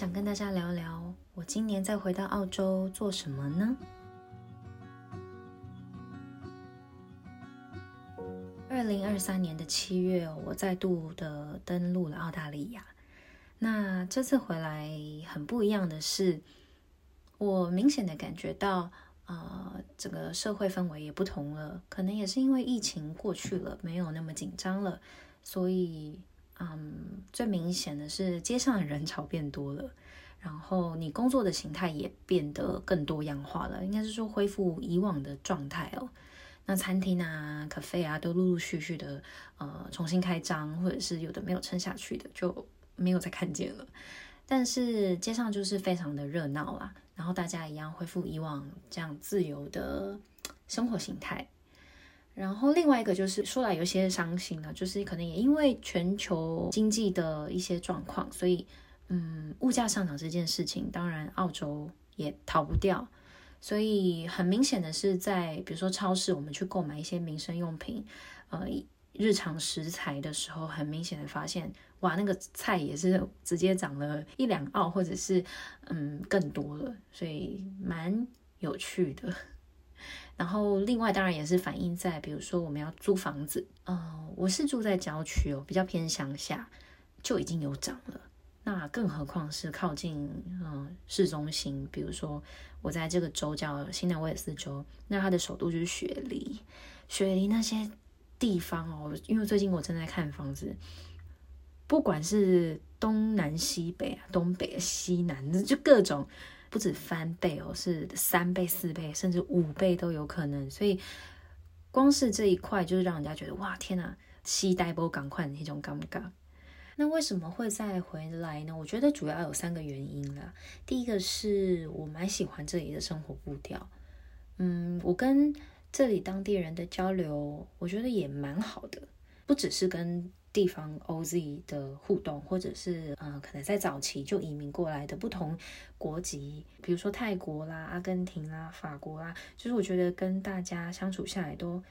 想跟大家聊聊，我今年再回到澳洲做什麼呢？二零二三年的七月，我再度的登陸了澳大利亞。那這次回來很不一樣的是，我明顯的感覺到，啊、呃，整個社會氛圍也不同了。可能也是因為疫情過去了，沒有那麼緊張了，所以。嗯、um，最明顯的是街上的人潮變多了，然後你工作的形態也變得更多樣化了。應該是說恢復以往的狀態哦。那餐廳啊、咖啡啊都陸陸續續的呃重新開張，或者是有的沒有撐下去的就沒有再看見了。但是街上就是非常的熱鬧啦、啊，然後大家一樣恢復以往這樣自由的生活形態。然後另外一個就是說，來有些傷心了，就是可能也因為全球經濟的一些狀況，所以嗯，物價上漲這件事情，當然澳洲也逃不掉。所以很明顯的是在，在比如說超市，我們去購買一些民生用品，呃，日常食材的時候，很明顯的發現，哇，那個菜也是直接漲了一兩澳，或者是嗯，更多了，所以蠻有趣的。然後，另外當然也是反映在，比如說我們要租房子，嗯、呃，我是住在郊區哦，比較偏鄉下，就已經有漲了。那更何況是靠近，嗯、呃，市中心。比如說我在這個州叫新南威爾斯州，那它的首都就是雪梨。雪梨那些地方哦，因為最近我正在看房子，不管是東南西北啊，東北西南，就各種。不止翻倍哦，是三倍、四倍，甚至五倍都有可能。所以，光是這一塊就是讓人家覺得哇，天啊，期待不趕快的那種尷尬。那為什麼會再回來呢？我覺得主要有三個原因了、啊。第一個是我蠻喜歡這裡的生活步調，嗯，我跟這裡當地人的交流，我覺得也蠻好的，不只是跟。地方 OZ 的互動，或者是呃，可能在早期就移民過來的不同國籍，比如說泰國啦、阿根廷啦、法國啦，就是我覺得跟大家相處下來都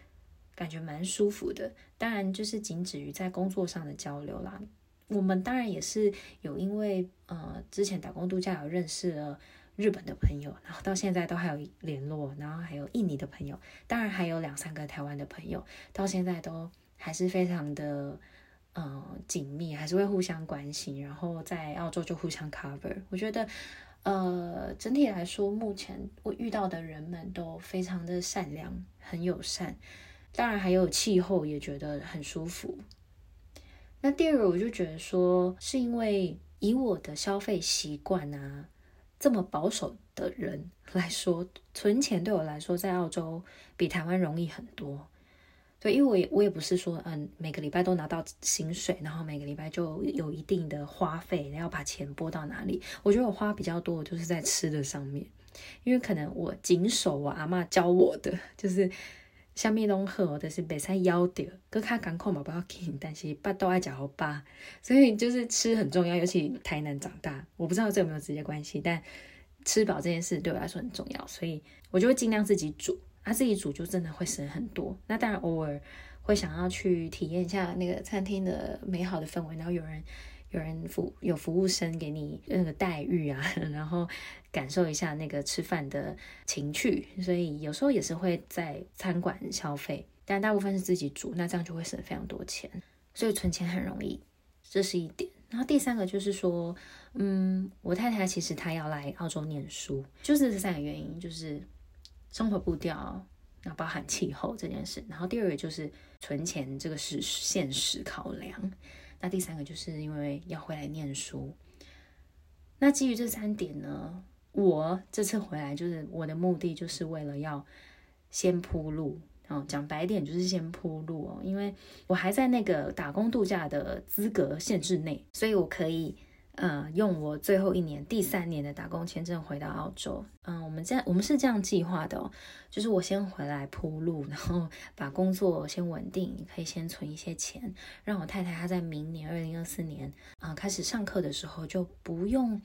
感覺蠻舒服的。當然，就是僅止於在工作上的交流啦。我們當然也是有因為呃，之前打工度假有認識了日本的朋友，然後到現在都還有聯絡，然後還有印尼的朋友，當然還有兩三個台灣的朋友，到現在都還是非常的。嗯，緊密還是會互相關心，然後在澳洲就互相 cover。我覺得，呃，整體來說，目前我遇到的人們都非常的善良，很友善。當然，還有氣候也覺得很舒服。那第二個，我就覺得說，是因為以我的消費習慣啊，這麼保守的人來說，存錢對我來說，在澳洲比台灣容易很多。對，因為我也我也不是說，嗯，每個禮拜都拿到薪水，然後每個禮拜就有一定的花費，然後把錢撥到哪裡？我覺得我花比較多就是在吃的上面，因為可能我謹守我阿媽教我的，就是下面東喝，這、就是北山幺點，哥卡港口寶寶要 i n 但是爸豆愛加猴爸，所以就是吃很重要，尤其台南長大，我不知道這有沒有直接關係，但吃飽這件事對我來說很重要，所以我就會盡量自己煮。他、啊、自己煮就真的會省很多。那當然偶爾會想要去體驗一下那個餐廳的美好的氛圍，然後有人有人服有服務生給你那個待遇啊，然後感受一下那個吃飯的情趣。所以有時候也是會在餐館消費，但大部分是自己煮，那這樣就會省非常多錢，所以存錢很容易，這是一點。然後第三個就是說，嗯，我太太其實她要來澳洲念書，就是這三個原因，就是。生活步調，包含氣候這件事。然後第二個就是存錢，這個是現實考量。那第三個就是因為要回來念書。那基於這三點呢，我這次回來就是我的目的，就是為了要先鋪路啊。講白點就是先鋪路哦，因為我還在那個打工度假的資格限制內，所以我可以。呃，用我最後一年第三年的打工簽證回到澳洲。嗯、呃，我們這樣，我們是這樣計劃的、哦，就是我先回來鋪路，然後把工作先穩定，你可以先存一些錢，讓我太太她在明年二零二四年啊、呃、開始上課的時候就不用，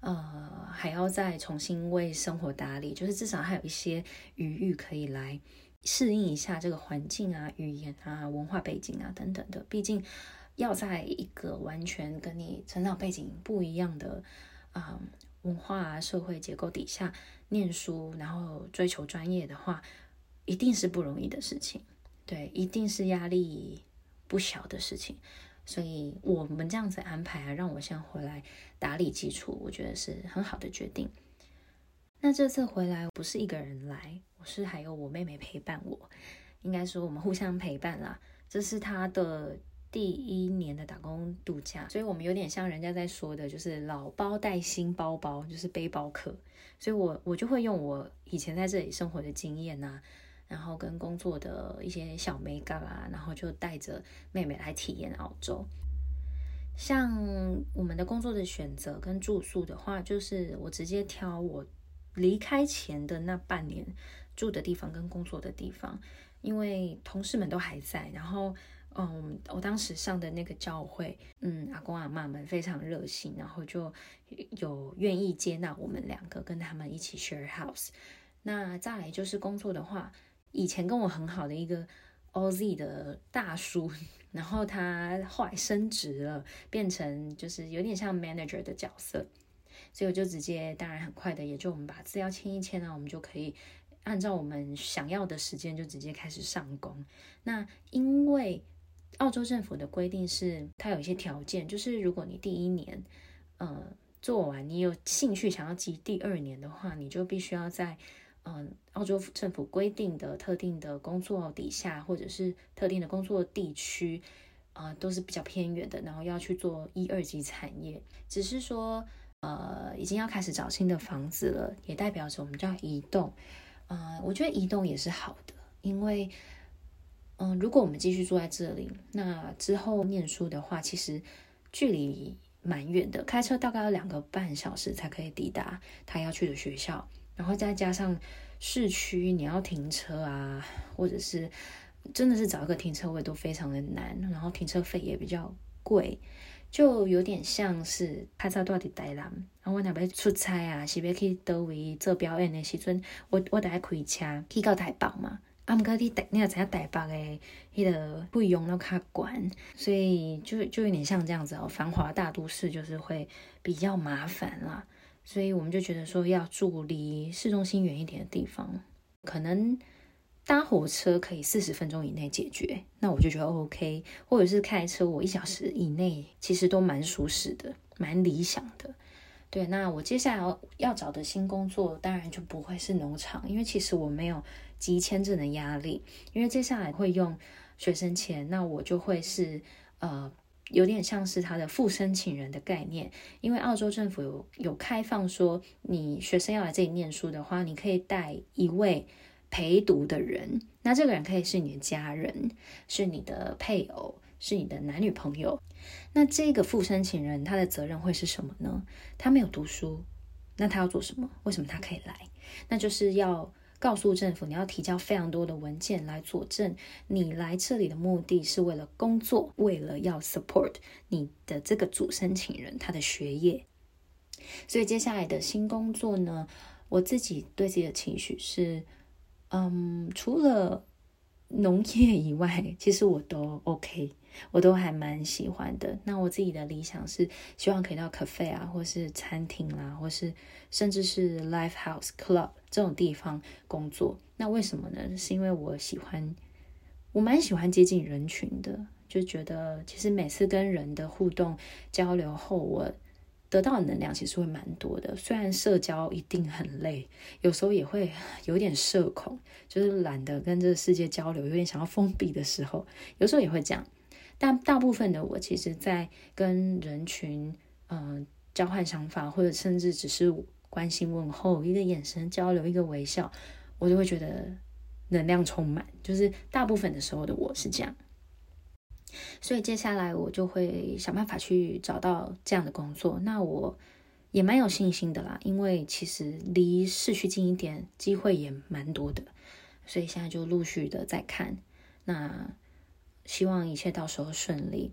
呃，還要再重新為生活打理，就是至少還有一些餘裕可以來適應一下這個環境啊、語言啊、文化背景啊等等的，畢竟。要在一個完全跟你成長背景不一樣的啊、嗯、文化啊社會結構底下念書，然後追求專業的話，一定是不容易的事情，對，一定是壓力不小的事情。所以我們這樣子安排啊，讓我先回來打理基礎，我覺得是很好的決定。那這次回來不是一個人來，我是還有我妹妹陪伴我，應該說我們互相陪伴啦。這是她的第一年的打工度假，所以我們有點像人家在說的，就是老包帶新包包，就是背包客。所以我我就會用我以前在這裡生活的經驗啊，然後跟工作的一些小美感啊，然後就帶着妹妹來體驗澳洲。像我們的工作的選擇跟住宿的話，就是我直接挑我離開前的那半年住的地方跟工作的地方，因為同事們都還在，然後。嗯，哦，我當時上的那個教會，嗯，阿公阿媽們非常熱心，然後就有願意接納我們兩個，跟他們一起 share house。那再來就是工作的話，以前跟我很好的一個 OZ 的大叔，然後他後來升職了，變成就是有點像 manager 的角色。所以我就直接，當然很快的，也就我們把資料簽一簽啊，然後我們就可以按照我們想要的時間就直接開始上工。那因為。澳洲政府的規定是，它有一些條件，就是如果你第一年，嗯、呃、做完，你有興趣想要集第二年的話，你就必須要在，嗯、呃，澳洲政府規定的特定的工作底下，或者是特定的工作地區，啊、呃，都是比較偏遠的，然後要去做一二級產業。只是說，呃，已經要開始找新的房子了，也代表着我們就要移動。嗯、呃，我覺得移動也是好的，因為。嗯，如果我們繼續住在這裡，那之後念書的話，其實距離蠻遠的，開車大概要兩個半小時才可以抵達他要去的學校。然後再加上市區，你要停車啊，或者是真的是找一個停車位都非常的難，然後停車費也比較貴，就有點像是在潘沙多底呆啦，然後我台北出差啊，西北去多位做表演的時陣，我我得開車去到台北嘛。阿姆哥，你帶那個才要帶吧個，他得費用到他管，所以就就有點像這樣子哦。繁華大都市就是會比較麻煩啦，所以我們就覺得說要住離市中心遠一點的地方，可能搭火車可以四十分鐘以內解決，那我就覺得 OK，或者是開車我一小時以內，其實都蠻舒適的，蠻理想的。對，那我接下來要要找的新工作，當然就不會是農場，因為其實我沒有急簽證的壓力，因為接下來會用學生簽，那我就會是呃，有點像是他的副申請人的概念，因為澳洲政府有有開放說，你學生要來這裡念書的話，你可以帶一位陪讀的人，那這個人可以是你的家人，是你的配偶。是你的男女朋友，那這個副申請人他的責任會是什麼呢？他沒有讀書，那他要做什麼？為什麼他可以來？那就是要告訴政府，你要提交非常多的文件來佐證你來這裡的目的是為了工作，為了要 support 你的這個主申請人他的學業。所以接下來的新工作呢，我自己對自己的情緒是，嗯，除了農業以外，其實我都 OK。我都還蠻喜歡的。那我自己的理想是希望可以到 cafe 啊，或是餐廳啦、啊，或是甚至是 life house club 這種地方工作。那為什麼呢？是因為我喜歡，我蠻喜歡接近人群的。就覺得其實每次跟人的互動交流後，我得到的能量其實會蠻多的。雖然社交一定很累，有時候也會有點社恐，就是懶得跟這個世界交流，有點想要封閉的時候，有時候也會這樣。但大部分的我，其實，在跟人群，嗯、呃，交換想法，或者甚至只是關心問候，一個眼神交流，一個微笑，我就會覺得能量充滿。就是大部分的時候的我是這樣，所以接下來我就會想辦法去找到這樣的工作。那我也蠻有信心的啦，因為其實離市區近一點，機會也蠻多的，所以現在就陸續的在看。那。希望一切到時候順利。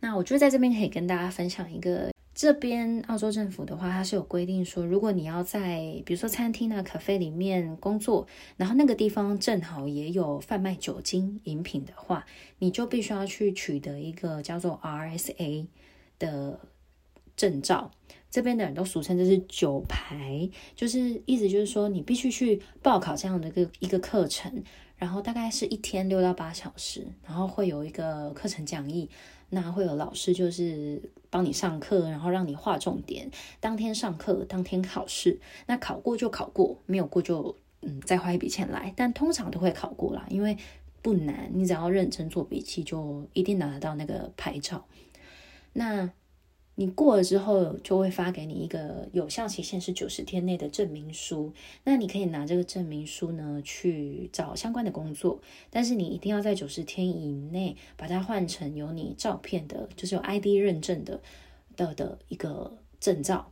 那我就在這邊可以跟大家分享一個，這邊澳洲政府的話，它是有規定說，如果你要在比如說餐廳啊、咖啡裡面工作，然後那個地方正好也有販賣酒精飲品的話，你就必須要去取得一個叫做 RSA 的證照，這邊的人都俗稱就是酒牌，就是意思就是說你必須去報考這樣的一個一個課程。然後大概是一天六到八小時，然後會有一個課程講義，那會有老師就是幫你上課，然後讓你劃重點，當天上課，當天考試，那考過就考過，沒有過就嗯再花一筆錢來，但通常都會考過啦，因為不難，你只要認真做筆記就一定拿得到那個牌照。那你過了之後，就會發給你一個有效期限是九十天內的證明書。那你可以拿這個證明書呢去找相關的工作，但是你一定要在九十天以內把它換成有你照片的，就是有 ID 認證的的的一個證照，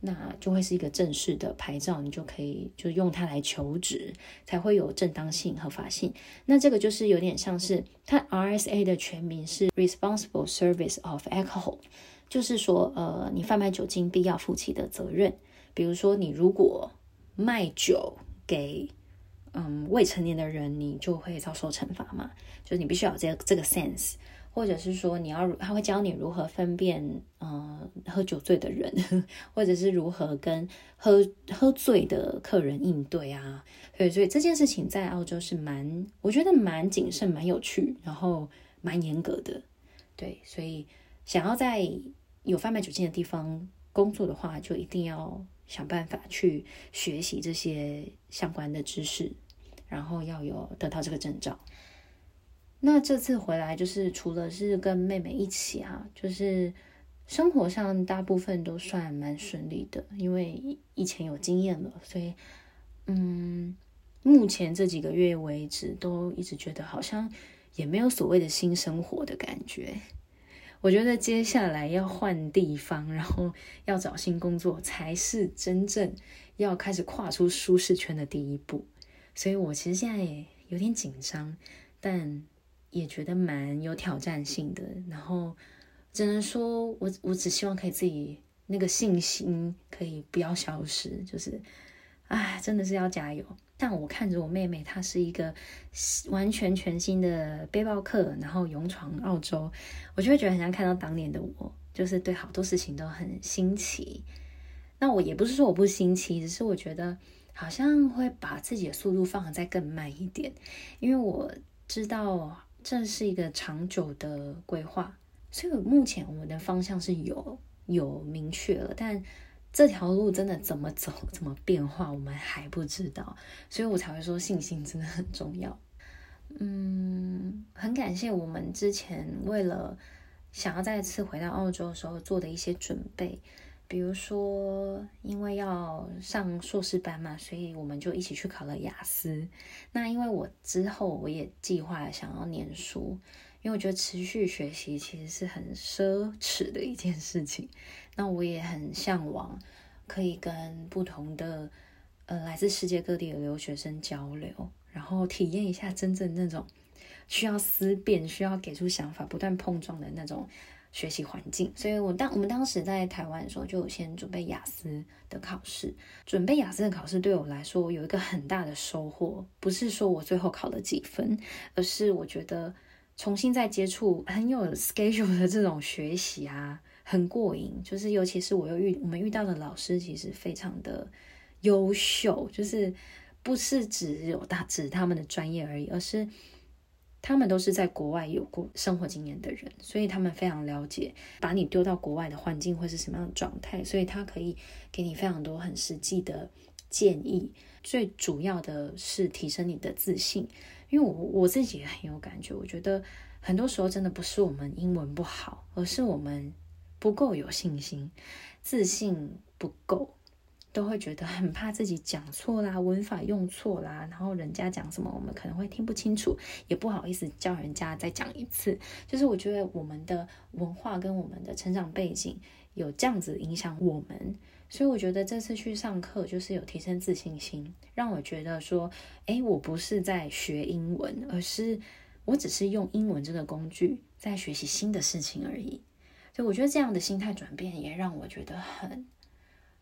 那就會是一個正式的牌照，你就可以就用它來求職，才會有正當性、合法性。那這個就是有點像是它 RSA 的全名是 Responsible Service of Alcohol。就是說，呃，你販賣酒精必要負起的責任，比如說，你如果賣酒給嗯未成年的人，你就會遭受懲罰嘛。就是你必須要有這個、這個 sense，或者是說你要他會教你如何分辨嗯、呃、喝酒醉的人，或者是如何跟喝喝醉的客人應對啊。所以，所以這件事情在澳洲是蠻，我覺得蠻謹慎、蠻有趣，然後蠻嚴格的。對，所以想要在有販賣酒精的地方工作的話，就一定要想辦法去學習這些相關的知識，然後要有得到這個證照。那這次回來就是除了是跟妹妹一起啊，就是生活上大部分都算蠻順利的，因為以前有經驗了，所以嗯，目前這幾個月為止都一直覺得好像也沒有所謂的新生活的感覺。我覺得接下來要換地方，然後要找新工作，才是真正要開始跨出舒適圈的第一步。所以我其實現在也有點緊張，但也覺得蠻有挑戰性的。然後，只能說我我只希望可以自己那個信心可以不要消失，就是，唉，真的是要加油。但我看着我妹妹，她是一個完全全新的背包客，然後勇闖澳洲，我就會覺得很像看到當年的我，就是對好多事情都很新奇。那我也不是說我不新奇，只是我覺得好像會把自己的速度放得再更慢一點，因為我知道這是一個長久的規劃，所以目前我的方向是有有明確了，但。這條路真的怎麼走，怎麼變化，我們還不知道，所以我才會說信心真的很重要。嗯，很感謝我們之前為了想要再次回到澳洲的時候做的一些準備，比如說因為要上碩士班嘛，所以我們就一起去考了雅思。那因為我之後我也計劃想要念書。因為我覺得持續學習其實是很奢侈的一件事情，那我也很向往可以跟不同的呃、來自世界各地的留學生交流，然後體驗一下真正那種需要思辨、需要給出想法、不斷碰撞的那種學習環境。所以，我當我們當時在台灣的時候，就先準備雅思的考試。準備雅思的考試對我來說有一個很大的收穫，不是說我最後考了幾分，而是我覺得。重新再接觸很有 schedule 的這種學習啊，很過癮。就是尤其是我又遇我們遇到的老師，其實非常的優秀。就是不是只有大只他們的專業而已，而是他們都是在國外有過生活經驗的人，所以他們非常了解把你丟到國外的環境會是什麼樣的狀態，所以他可以給你非常多很實際的建議。最主要的是提升你的自信。因為我我自己也很有感覺，我覺得很多時候真的不是我們英文不好，而是我們不夠有信心，自信不夠，都會覺得很怕自己講錯啦，文法用錯啦，然後人家講什麼我們可能會聽不清楚，也不好意思叫人家再講一次。就是我覺得我們的文化跟我們的成長背景有這樣子影響我們，所以我覺得這次去上課就是有提升自信心，讓我覺得說，誒，我不是在學英文，而是我只是用英文這個工具在學習新的事情而已。所以我覺得這樣的心態轉變也讓我覺得很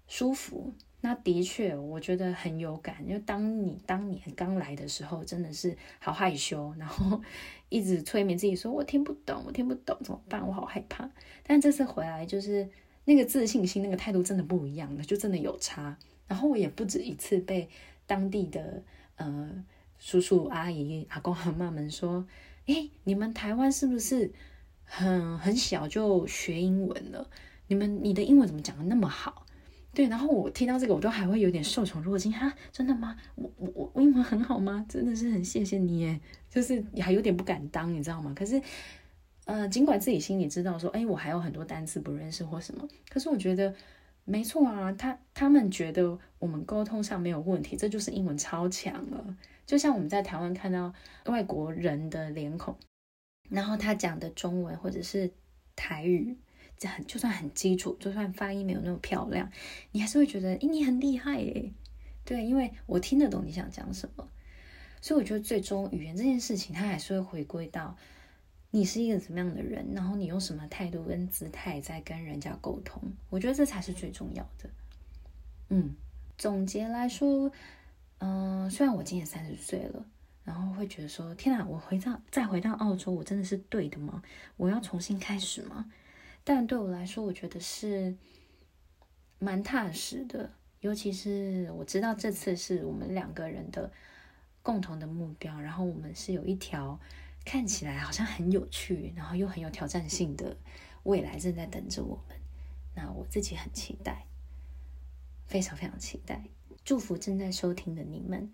舒服。那的確，我覺得很有感，因為當你當年剛來的時候，真的是好害羞，然後一直催眠自己說，我聽不懂，我聽不懂，怎麼辦？我好害怕。但這次回來就是。那個自信心，那個態度真的不一樣了，就真的有差。然後我也不止一次被當地的呃叔叔阿姨、阿公阿媽們說：“哎，你們台灣是不是很很小就學英文了？你們你的英文怎麼講得那麼好？”對，然後我聽到這個，我都還會有點受寵若驚哈，真的嗎？我我我英文很好嗎？真的是很謝謝你耶，就是還有點不敢當，你知道嗎？可是。呃，儘管自己心裡知道說，哎，我還有很多單詞不認識或什麼，可是我覺得沒錯啊。他他們覺得我們溝通上沒有問題，這就是英文超強了。就像我們在台灣看到外國人的臉孔，然後他講的中文或者是台語，這很就算很基礎，就算發音沒有那麼漂亮，你還是會覺得，欸，你很厲害耶，欸。對，因為我聽得懂你想講什麼，所以我覺得最終語言這件事情，它還是會回歸到。你是一個怎麼樣的人？然後你用什麼態度跟姿態在跟人家溝通？我覺得這才是最重要的。嗯，總結來說，嗯、呃，雖然我今年三十歲了，然後會覺得說，天哪，我回到再回到澳洲，我真的是對的嗎？我要重新開始嗎？但對我來說，我覺得是蠻踏實的。尤其是我知道這次是我們兩個人的共同的目標，然後我們是有一條。看起來好像很有趣，然後又很有挑戰性的未來正在等着我們。那我自己很期待，非常非常期待。祝福正在收聽的你們，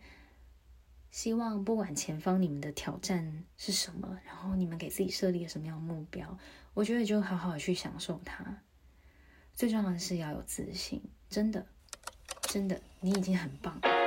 希望不管前方你們的挑戰是什麼，然後你們給自己設立了什麼樣的目標，我覺得就好好去享受它。最重要的是要有自信，真的，真的，你已經很棒了。